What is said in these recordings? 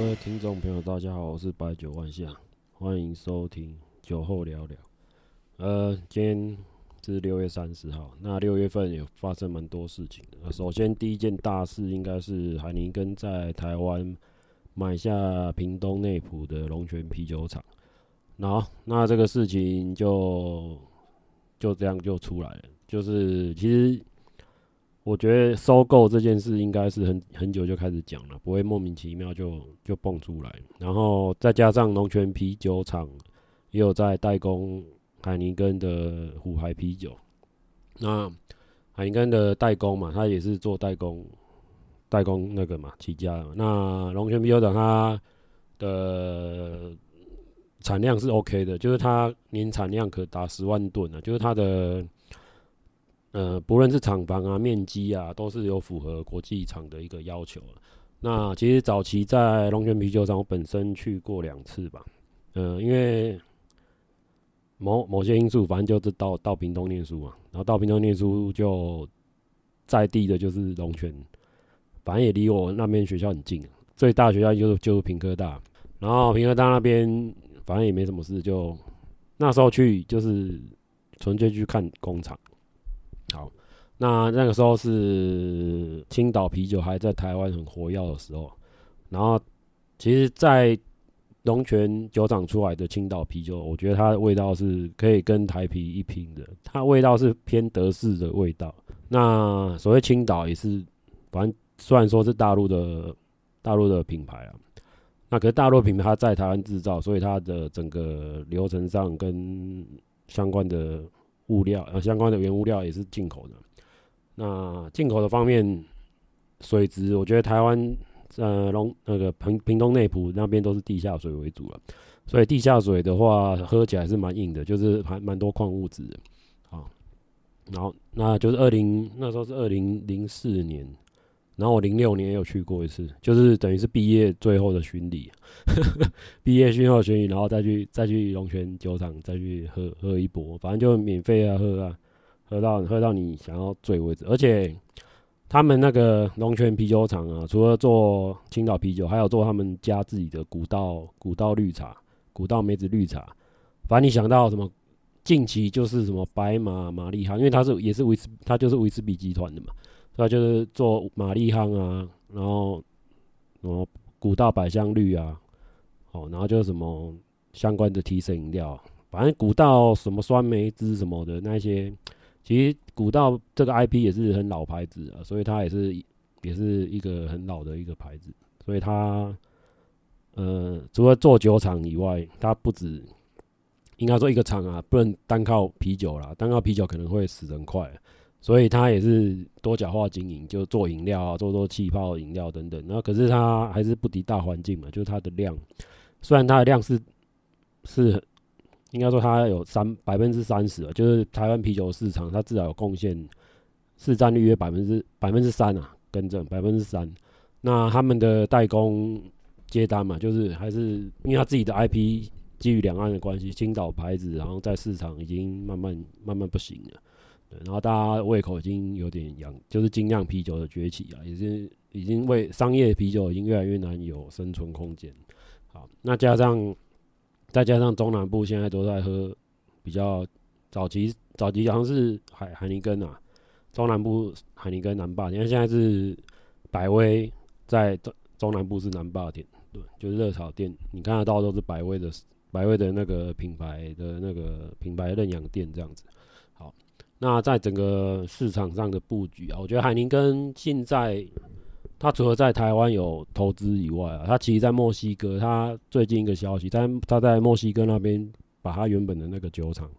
各位聽眾朋友，大家好，我是白酒萬象，歡迎收聽酒後聊聊。呃，今天是六月三十號，那六月份有發生蠻多事情的。呃，首先，第一件大事應該是海尼根在台灣買下屏東內埔的龍泉啤酒廠。好，那這個事情就就這樣就出來了，就是其實。我覺得收購這件事應該是很很久就開始講了，不會莫名其妙就就蹦出來。然後再加上龍泉啤酒廠也有在代工海尼根的虎牌啤酒。那海尼根的代工嘛，他也是做代工代工那個嘛起家嘛。那龍泉啤酒廠它的產量是 OK 的，就是它年產量可達十萬噸呢，啊，就是它的。呃，不論是廠房啊、面積啊，都是有符合國際廠的一個要求啊。那其實早期在龍泉啤酒廠，我本身去過兩次吧。呃，因為某某些因素，反正就是到到屏東念書嘛，然後到屏東念書就在地的就是龍泉，反正也離我那邊學校很近。最大的學校就是就是屏科大，然後屏科大那邊反正也沒什麼事，就那時候去就是純粹去看工廠。好，那那個時候是青島啤酒還在台灣很活躍的時候，然後其實，在龍泉酒廠出來的青島啤酒，我覺得它的味道是可以跟台啤一拼的。它味道是偏德式的味道。那所謂青島也是，反正雖然說是大陸的大陸的品牌啊，那可是大陸品牌它在台灣製造，所以它的整個流程上跟相關的。物料、啊、相關的原物料也是進口的，那進口的方面水質，我覺得台灣呃龍那個屏、屏東內埔那邊都是地下水為主了，所以地下水的話喝起來是蠻硬的，就是還蠻多礦物質的，啊，然後那就是二零那時候是二零零四年。然後我零六年也有去過一次，就是等於是畢業最後的巡禮，呵呵畢業巡號巡禮，然後再去再去龍泉酒廠，再去喝喝一波，反正就免費啊喝啊，喝到喝到你想要醉為止。而且他們那個龍泉啤酒廠啊，除了做青島啤酒，還有做他們家自己的古道古道綠茶、古道梅子綠茶，反正你想到什麼，近期就是什麼白馬、馬麗哈，因為他是也是維斯，他就是維士比集團的嘛。那就是做瑪麗香啊，然後什麼古道百香綠啊，哦，然後就什麼相關的提升飲料，反正古道什麼酸梅汁什麼的那些，其實古道這個 IP 也是很老牌子啊，所以它也是也是一個很老的一個牌子，所以它呃，除了做酒廠以外，它不止應該做一個廠啊，不能單靠啤酒啦，單靠啤酒可能會死人快啊。所以它也是多角化經營，就做飲料啊，做做氣泡飲料等等。然後可是它還是不敵大環境嘛，就是它的量，雖然它的量是是，應該說它有三百分之三十啊，就是台灣啤酒市場，它至少有貢獻，市佔率約百分之百分之三啊，更正百分之三。那他們的代工接單嘛，就是還是因為它自己的 IP 基於兩岸的關係，青島牌子，然後在市場已經慢慢慢慢不行了。對，然後大家胃口已經有點養，就是精釀啤酒的崛起啊，已經已經為商業啤酒已經越來越難有生存空間。好，那加上再加上中南部現在都在喝比較早期早期，好像是海海尼根啊，中南部海尼根南霸，你看現在是百威在中中南部是南霸店，對，就是熱炒店，你看得到都是百威的百威的那個品牌的那個品牌認養店這樣子。那在整個市場上的布局啊，我覺得海尼根現在，它除了在台灣有投資以外啊，它其實在墨西哥，它最近一個消息，他它在墨西哥那邊把它原本的那個酒廠，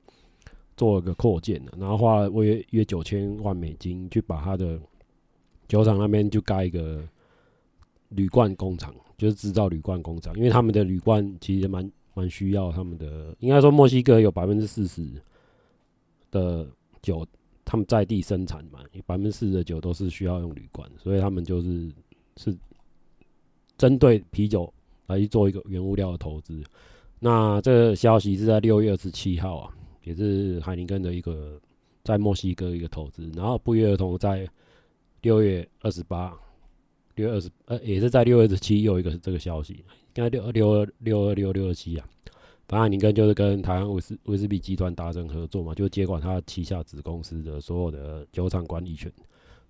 做了一個擴建的，然後花了約約九千萬美金去把它的酒廠那邊就蓋一個鋁罐工廠，就是制造鋁罐工廠，因為他們的鋁罐其實蠻蠻需要，他們的應該說墨西哥有百分之四十的。酒，他們在地生產嘛，因為百分之四的酒都是需要用鋁罐，所以他們就是是針對啤酒來去做一個原物料的投資。那這個消息是在六月二十七號啊，也是海尼根的一個在墨西哥一個投資，然後不約而同在六月二十八、六月二十呃，也是在六月二十七又一個是這個消息，應該六二六二六二六六二七啊。反正海尼根就是跟台灣維士維士比集團達成合作嘛，就接管他旗下子公司的所有的酒廠管理權。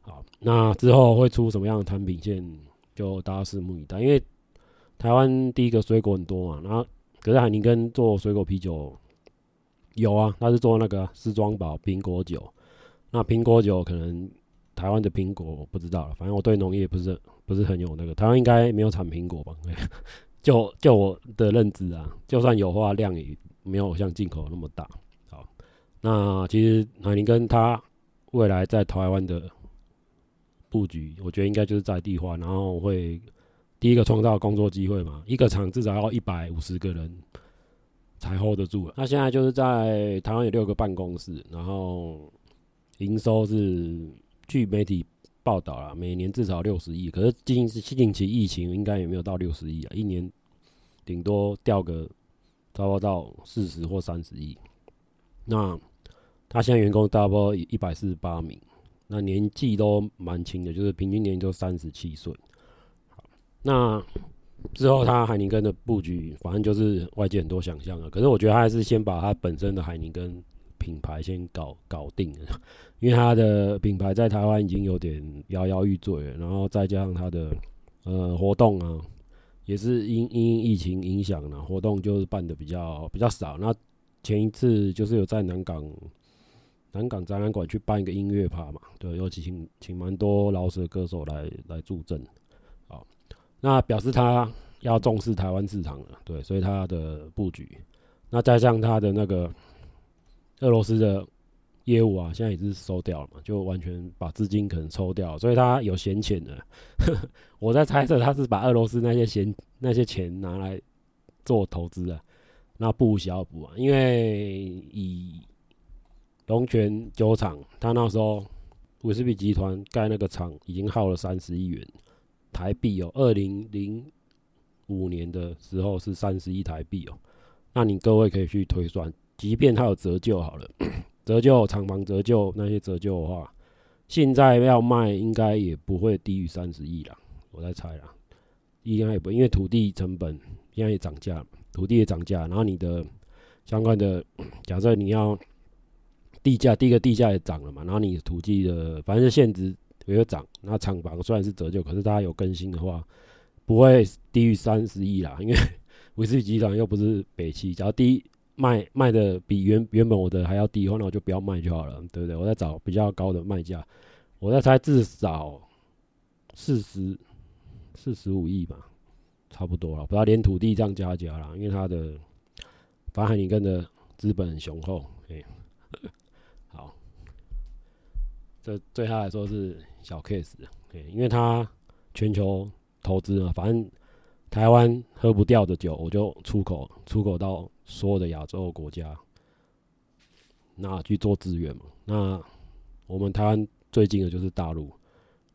好，那之後會出什麼樣的產品線，就大家拭目以待。因為台灣第一個水果很多嘛，然後可是海尼根做水果啤酒有啊，他是做那個詩莊堡蘋果酒。那蘋果酒可能台灣的蘋果我不知道了，反正我對農業不是不是很有那個，台灣應該沒有產蘋果吧？就就我的認知啊，就算有花量，也沒有像進口那麼大。好，那其實海尼根他未來在台灣的布局，我覺得應該就是在地化，然後會第一個創造工作機會嘛。一個廠至少要一百五十個人才 hold 得住了。那現在就是在台灣有六個辦公室，然後營收是據媒體。報道啦，每年至少六十億，可是近是近期疫情，應該也沒有到六十億啊，一年頂多掉個差不多到四十或三十億。那他現在員工大差不多一百四十八名，那年紀都蠻輕的，就是平均年齡就三十七歲。那之後他海尼根的布局，反正就是外界很多想象啊。可是我覺得他還是先把他本身的海尼根。品牌先搞搞定，因為他的品牌在台灣已經有點搖搖欲墜了，然後再加上他的呃活動啊，也是因因疫情影響了，啊，活動就是辦的比較比較少。那前一次就是有在南港南港展覽館去辦一個音樂趴嘛，對，尤其請請蠻多老師的歌手來來助陣，啊，那表示他要重視台灣市場了，對，所以他的布局，那再加上他的那個。俄羅斯的業務啊，現在也是收掉了嘛，就完全把資金可能抽掉了，所以他有閒錢的呵呵。我在猜測，他是把俄羅斯那些閒那些錢拿來做投資的。那不需要補啊，因為以龍泉酒廠，他那時候維士比集團蓋那個廠已經耗了三十億元台幣哦，二零零五年的時候是三十億台幣哦。那你各位可以去推算。即便它有折舊，好了， 折舊廠房折舊那些折舊的話，現在要賣應該也不會低於三十億啦，我在猜啦，應該也不因為土地成本應該也漲價，土地也漲價，然後你的相關的，假設你要地價，第一個地價也漲了嘛，然後你土地的反正現值也會漲，那廠房雖然是折舊，可是大家有更新的話，不會低於三十億啦。因為威士忌集團又不是北汽，只要低。賣賣的比原原本我的還要低，以後那我就不要賣就好了，對不對？我在找比較高的賣價，我在猜至少四十、四十五億吧，差不多了，不要連土地這樣加加了，因為它的法海尼根的資本很雄厚。對、欸，好，這對他來說是小 case、欸。對，因為他全球投資啊，反正。台灣喝不掉的酒，我就出口，出口到所有的亞洲國家，那去做資源嘛。那我們台灣最近的就是大陸，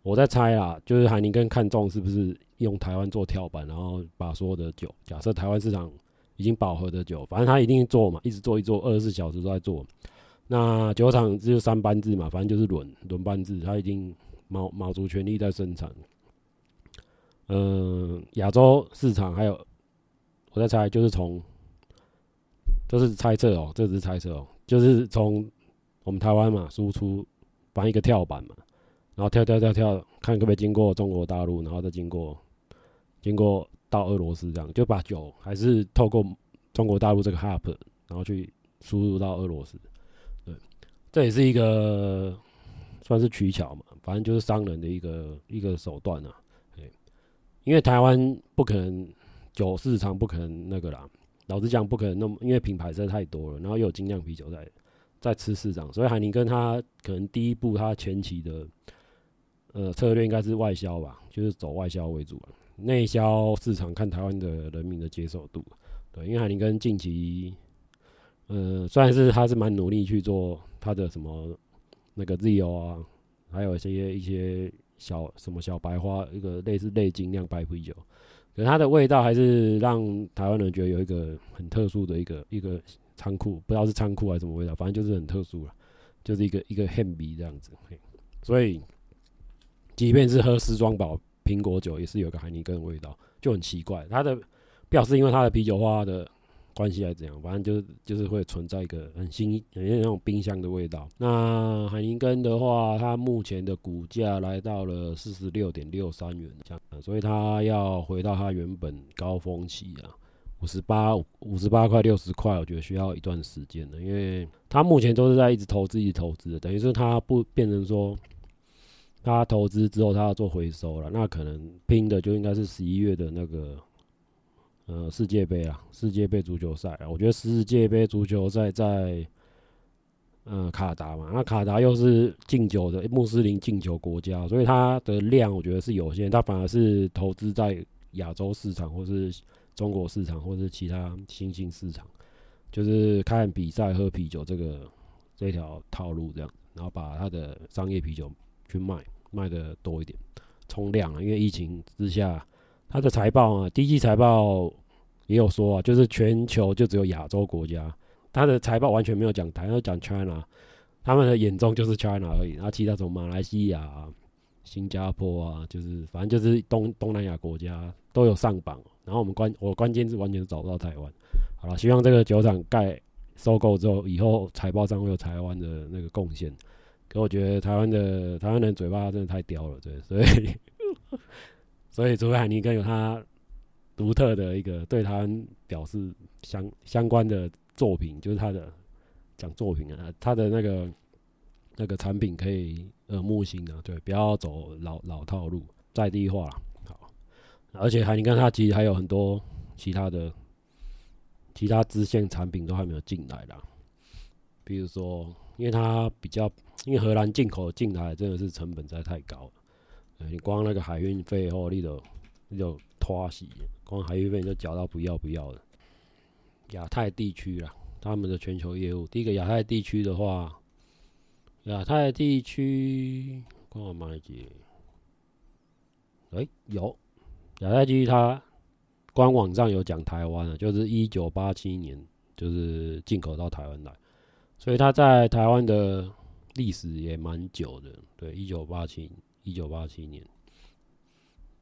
我在猜啦，就是海尼根看中是不是用台灣做跳板，然後把所有的酒，假設台灣市場已經飽和的酒，反正他一定做嘛，一直做，一做二十四小時都在做。那酒廠就是三班制嘛，反正就是輪輪班制，他已經卯卯足全力在生產。嗯，亞洲市場還有，我在猜就，就是從、哦，這是猜測哦，這只是猜測哦，就是從我們台灣嘛，輸出，當一個跳板嘛，然後跳跳跳跳，看可不可以經過中國大陸，然後再經過，經過到俄羅斯這樣，就把酒還是透過中國大陸這個 hub，然後去輸入到俄羅斯。對，這也是一個算是取巧嘛，反正就是商人的一個一個手段啊。因為台灣不可能酒市場，不可能那個啦。老實講，不可能那麼，因為品牌實在太多了，然後又有精釀啤酒在在吃市場。所以海尼根他可能第一步，他前期的呃策略應該是外銷吧，就是走外銷為主啊。內銷市場看台灣的人民的接受度。對，因為海尼根近期，呃，雖然是他是蠻努力去做他的什麼那個 Zo 啊，還有一些一些。小什麼小白花，一個類似內精釀白啤酒，可是它的味道還是讓台灣人覺得有一個很特殊的一個一個倉庫，不知道是倉庫還是什麼味道，反正就是很特殊了，就是一個一個 handy 這樣子。所以，即便是喝時裝寶蘋果酒，也是有一個海尼根的味道，就很奇怪。它的表示因為它的啤酒花的，關係還怎樣？反正就是就是會存在一個很新、很像那種冰箱的味道。那海尼根的話，它目前的股價來到了四十六點六三元這樣，所以它要回到它原本高峰期啊，五十八五十八塊六十塊，我覺得需要一段時間的，因為它目前都是在一直投資、一直投資的，等於是它不變成說它投資之後它要做回收了，那可能拼的就應該是十一月的那個。呃，世界杯啊，世界杯足球賽啊，我覺得世界杯足球賽在，呃，卡達嘛，那卡達又是禁酒的穆斯林禁酒國家，所以它的量我覺得是有限，它反而是投資在亞洲市場或是中國市場或是其他新興市場，就是看比賽喝啤酒這個這條套路這樣，然後把它的商業啤酒去賣賣的多一點，衝量啊，因為疫情之下。他的財報啊，第一季財報也有說啊，就是全球就只有亞洲國家，他的財報完全沒有講台灣，講 China，他們的眼中就是 China 而已，然後其他從馬來西亞、啊、新加坡啊，就是反正就是東東南亞國家都有上榜，然後我們關我關鍵是完全是找不到台灣。好了，希望這個酒廠蓋收購之後，以後財報上會有台灣的那個貢獻。可我覺得台灣的台灣人嘴巴真的太刁了，真的，所以。 所以，除非海尼根有他獨特的一個對他表示相相關的作品，就是他的講作品啊，他的那個那個產品可以耳目一新啊，對，不要走老老套路，在地化，啊、好。而且，海尼根他其實還有很多其他的其他支線產品都還沒有進來啦，比如說，因為他比較因為荷蘭進口進來真的是成本實在太高了。欸、你光那個海運費後你就，你都你就拖死。光海運費你就繳到不要不要的。亞太地區啦，他們的全球業務，第一個亞太地區的話，亞太地區官網買幾？哎、欸，有亞太地區，它官網上有講台灣的，就是一九八七年，就是進口到台灣來，所以它在台灣的歷史也蠻久的。對，一九八七。一九八七年，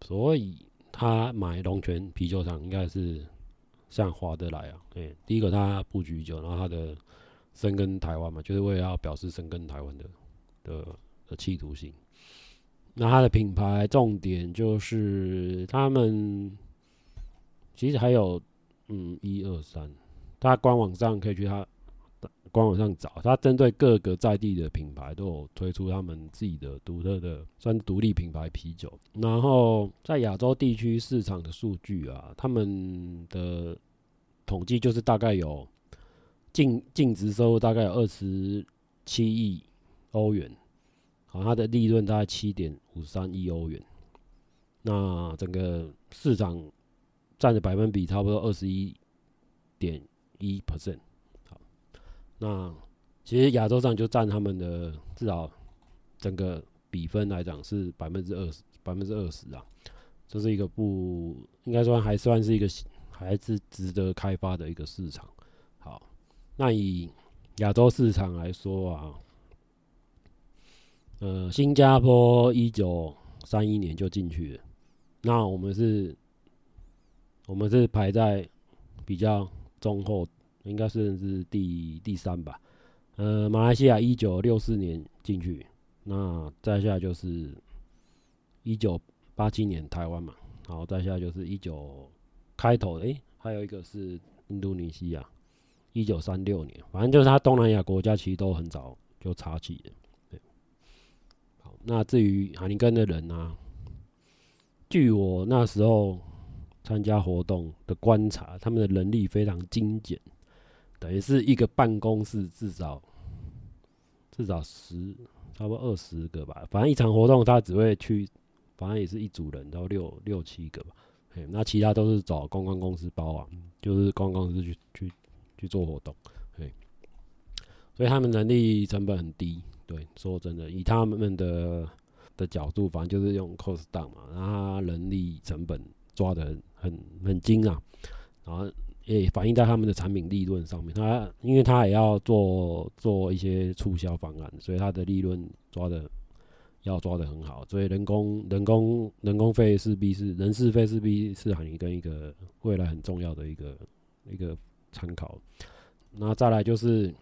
所以他買龍泉啤酒廠應該是像划得來啊。對、欸，第一個他布局久，然後他的生根台灣嘛，就是為了要表示生根台灣的的、的企圖心。那他的品牌重點就是他們，其實還有嗯一二三，1, 2, 3, 他官網上可以去他。官網上找，它針對各個在地的品牌都有推出他們自己的獨特的算獨立品牌啤酒。然後在亞洲地區市場的數據啊，他們的統計就是大概有淨淨值收入大概有二十七億歐元，好，它的利潤大概七點五三億歐元，那整個市場佔的百分比差不多二十一點一 percent。那其實亞洲上就占他們的至少整個比分來講，是百分之二十，百分之二十啊，這是一個不應該算還算是一個還是值得開發的一個市場。好，那以亞洲市場來說啊，呃，新加坡一九三一年就進去了，那我們是，我們是排在比較中後。應該是是第第三吧。呃，馬來西亞一九六四年進去，那在下就是一九八七年台灣嘛，然後再下就是一九開頭，哎、欸，還有一個是印度尼西亞一九三六年，反正就是他東南亞國家其實都很早就插旗的。那至於海尼根的人呢、啊，據我那時候參加活動的觀察，他們的人力非常精簡。等於是一個辦公室，至少至少十，差不多二十個吧。反正一場活動，他只會去，反正也是一組人，到六六七個吧。嘿，那其他都是找公關公司包啊，就是公關公司去去去做活動。嘿，所以他們人力成本很低。對，說真的，以他們的的角度，反正就是用 cost down 嘛，那他人力成本抓得很很很精啊，然後。也反映在他們的產品利潤上面。他因為他也要做做一些促銷方案，所以他的利潤抓的要抓的很好。所以人工、人工、人工費勢必是人事費勢必是很跟一個未來很重要的一個一個參考。那再來就是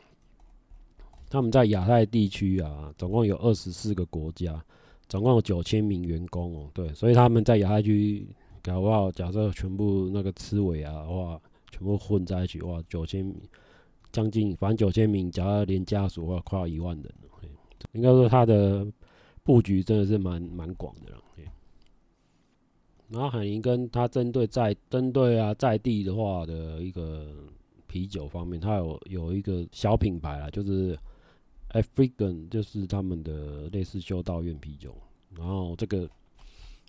他們在亞太地區啊，總共有二十四個國家，總共有九千名員工哦、喔。對，所以他們在亞太區搞不好假設全部那個吃尾牙啊的話。全部混在一起哇，九千將近，反正九千名，假如連家屬哇，快要一萬人了。應該說他的布局真的是蠻蠻廣的了。然後海尼根他針對在針對啊在地的話的一個啤酒方面，他有有一個小品牌啊，就是 Afrikan，就是他們的類似修道院啤酒。然後這個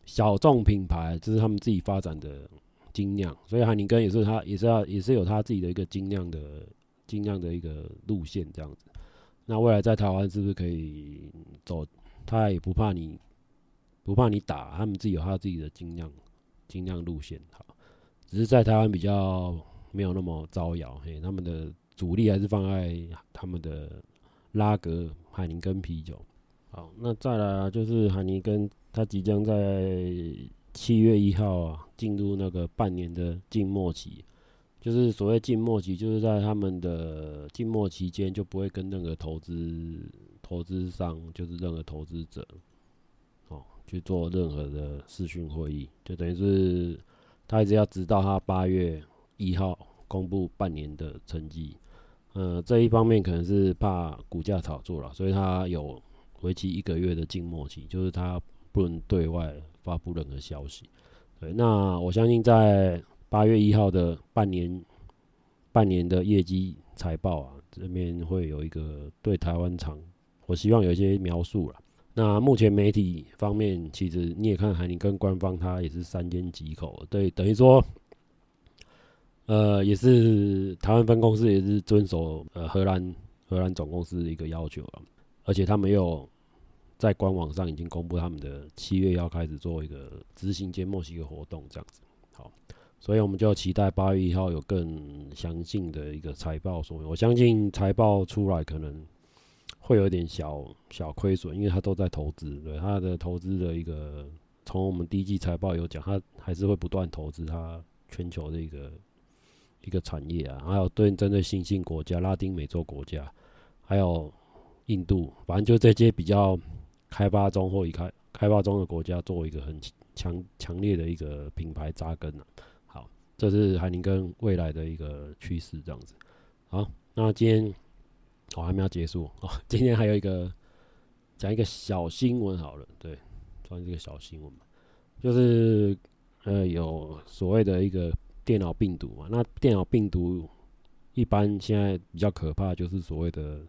小眾品牌，這、就是他們自己發展的。精釀，所以海尼根也是他，也是他，也是有他自己的一個精釀的精釀的一個路線這樣子。那未來在台灣是不是可以走？他也不怕你，不怕你打，他們自己有他自己的精釀精釀路線。好，只是在台灣比較沒有那麼招搖。嘿，他們的主力還是放在他們的拉格海尼根啤酒。好，那再來就是海尼根，他即將在七月一號啊，進入那個半年的靜默期，就是所謂靜默期，就是在他們的靜默期間，就不會跟那個投資、投資商，就是任何投資者，哦，去做任何的視訊會議，就等於是他一直要直到他八月一號公布半年的成績。呃，這一方面可能是怕股價炒作了，所以他有為期一個月的靜默期，就是他不能對外。發佈任何消息，對，那我相信在八月一號的半年、半年的業績財報啊，這邊會有一個對台灣廠，我希望有一些描述啦。那目前媒體方面，其實你也看海尼根官方，他也是三緘其口，對，等於說，呃，也是台灣分公司也是遵守呃荷蘭荷蘭總公司的一個要求啊，而且他沒有。在官網上已經公布，他們的七月要開始做一個執行接墨西哥活動這樣子。好，所以我們就期待八月一號有更詳盡的一個財報。所以我相信財報出來可能會有一點小小虧損，因為他都在投資，對他的投資的一個從我們第一季財報有講，他還是會不斷投資他全球的一個一個產業啊，還有對針對新興國家、拉丁美洲國家，還有印度，反正就這些比較。開發中或已開，開開發中的國家，作為一個很強強烈的一個品牌扎根了、啊。好，這是海尼根未來的一個趨勢，這樣子。好，那今天我、哦、還沒有結束，哦。今天還有一個講一個小新聞好了，對，講這個小新聞，就是呃有所謂的一個電腦病毒嘛。那電腦病毒一般現在比較可怕，就是所謂的。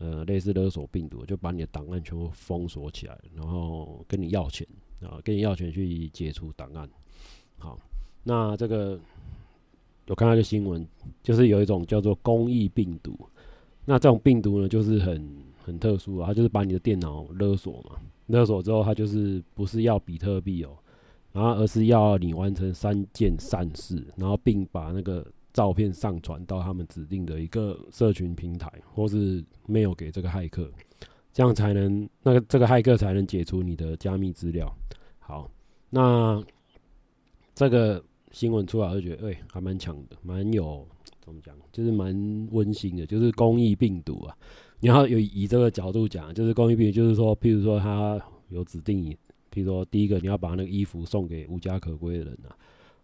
呃，類似勒索病毒，就把你的檔案全部封鎖起來，然後跟你要錢啊，跟你要錢去解除檔案。好，那這個我看到一個新聞，就是有一種叫做公益病毒。那這種病毒呢，就是很很特殊啊，它就是把你的電腦勒索嘛，勒索之後，它就是不是要比特幣哦，然後而是要你完成三件善事，然後並把那個。照片上傳到他們指定的一個社群平台，或是沒有給這個駭客，這樣才能，那個、這個駭客才能解除你的加密資料。好，那這個新聞出來我就覺得，哎、欸，還蠻強的，蠻有怎麼講，就是蠻溫馨的，就是公益病毒啊。你要有以這個角度講，就是公益病毒，就是說，譬如說，他有指定，譬如說，第一個你要把那個衣服送給無家可歸的人啊。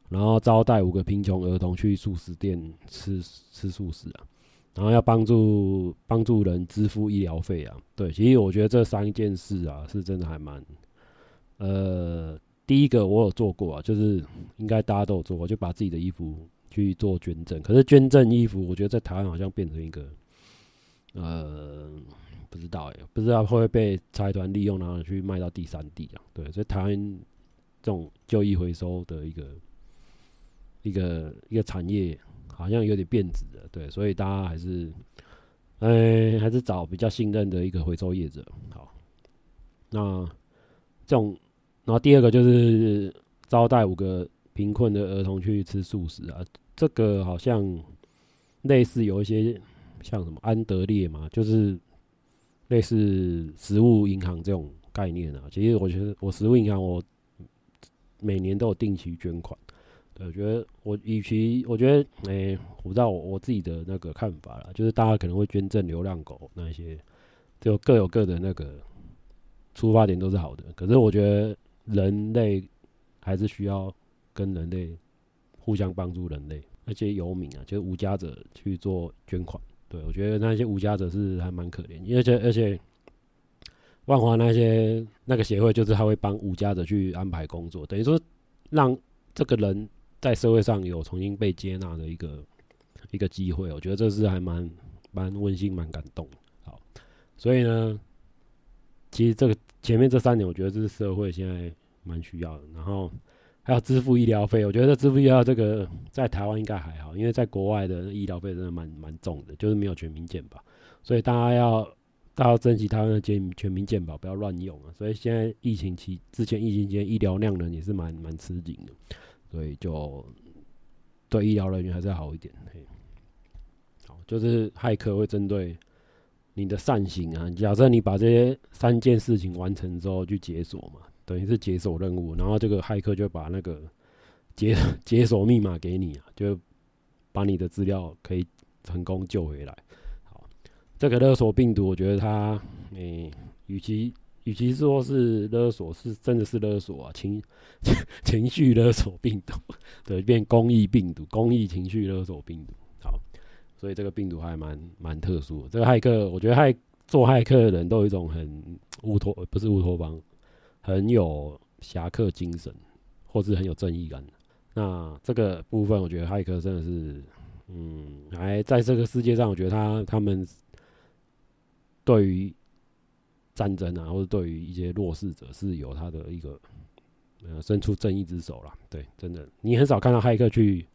然後招待五個貧窮兒童去素食店吃吃素食啊，然後要幫助幫助人支付醫療費啊。對，其實我覺得這三件事啊，是真的還蠻……呃，第一個我有做過啊，就是應該大家都有做過，就把自己的衣服去做捐贈。可是捐贈衣服，我覺得在台灣好像變成一個……呃，不知道哎、欸，不知道會不會被財團利用，然後去賣到第三地啊？對，所以台灣這種舊衣回收的一個。一個一個產業好像有點變質了，對，所以大家還是，哎、欸，還是找比較信任的一個回收業者。好，那這種，然後第二個就是招待五個貧困的兒童去吃素食啊，這個好像類似有一些像什麼安德烈嘛，就是類似食物銀行這種概念啊。其實我覺得我食物銀行，我每年都有定期捐款。對，我覺得我，與其我覺得，誒，我不知道我我自己的那個看法了，就是大家可能會捐贈流浪狗那一些，就各有各的那個出發點都是好的。可是我覺得人類還是需要跟人類互相幫助人類，那些遊民啊，就是無家者去做捐款，對，我覺得那些無家者是還蠻可憐。而且而且萬華那些那個協會，就是他會幫無家者去安排工作，等於說讓這個人。在社會上有重新被接納的一個一個機會，我覺得這是還蠻蠻溫馨、蠻感動。好，所以呢，其實這個前面這三年，我覺得這是社會現在蠻需要的。然後還有支付醫療費，我覺得這支付醫療這個在台灣應該還好，因為在國外的醫療費真的蠻蠻重的，就是沒有全民健保，所以大家要大家要珍惜台灣的全民健保，不要亂用啊。所以現在疫情期之前疫情期間醫療量能也是蠻蠻吃緊的。所以就對醫療人員還是好一點。好，就是駭客會針對你的善行啊，假設你把這些三件事情完成之後去解鎖嘛，等於是解鎖任務，然後這個駭客就把那個解解鎖密碼給你啊，就把你的資料可以成功救回來。好，這個勒索病毒，我覺得它，欸，與其與其說是勒索，是真的是勒索啊，情情情緒勒索病毒，對，變公益病毒，公益情緒勒索病毒。好，所以這個病毒還蠻蠻特殊的。這個駭客，我覺得駭做駭客的人都有一種很烏托，不是烏托邦，很有俠客精神，或是很有正義感。那這個部分，我覺得駭客真的是，嗯，還在這個世界上，我覺得他他們對於。戰爭啊，或者對於一些弱勢者是有他的一個，呃，伸出正義之手啦。對，真的，你很少看到駭客去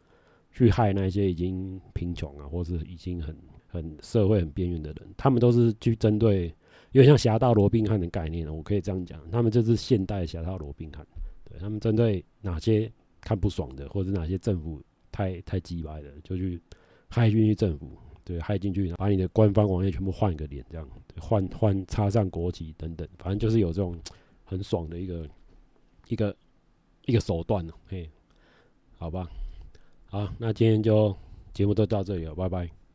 去害那些已經貧窮啊，或是已經很很社會很邊緣的人。他們都是去針對，有點像俠盜羅賓漢的概念啊，我可以這樣講，他們就是現代俠盜羅賓漢。對，他們針對哪些看不爽的，或者哪些政府太太雞掰的，就去害那些政府。對，駭進去，把你的官方網頁全部換一個臉，這樣，換換插上國旗等等，反正就是有這種很爽的一個一個一個手段了，嘿，好吧，好，那今天就節目就到這裡了，拜拜。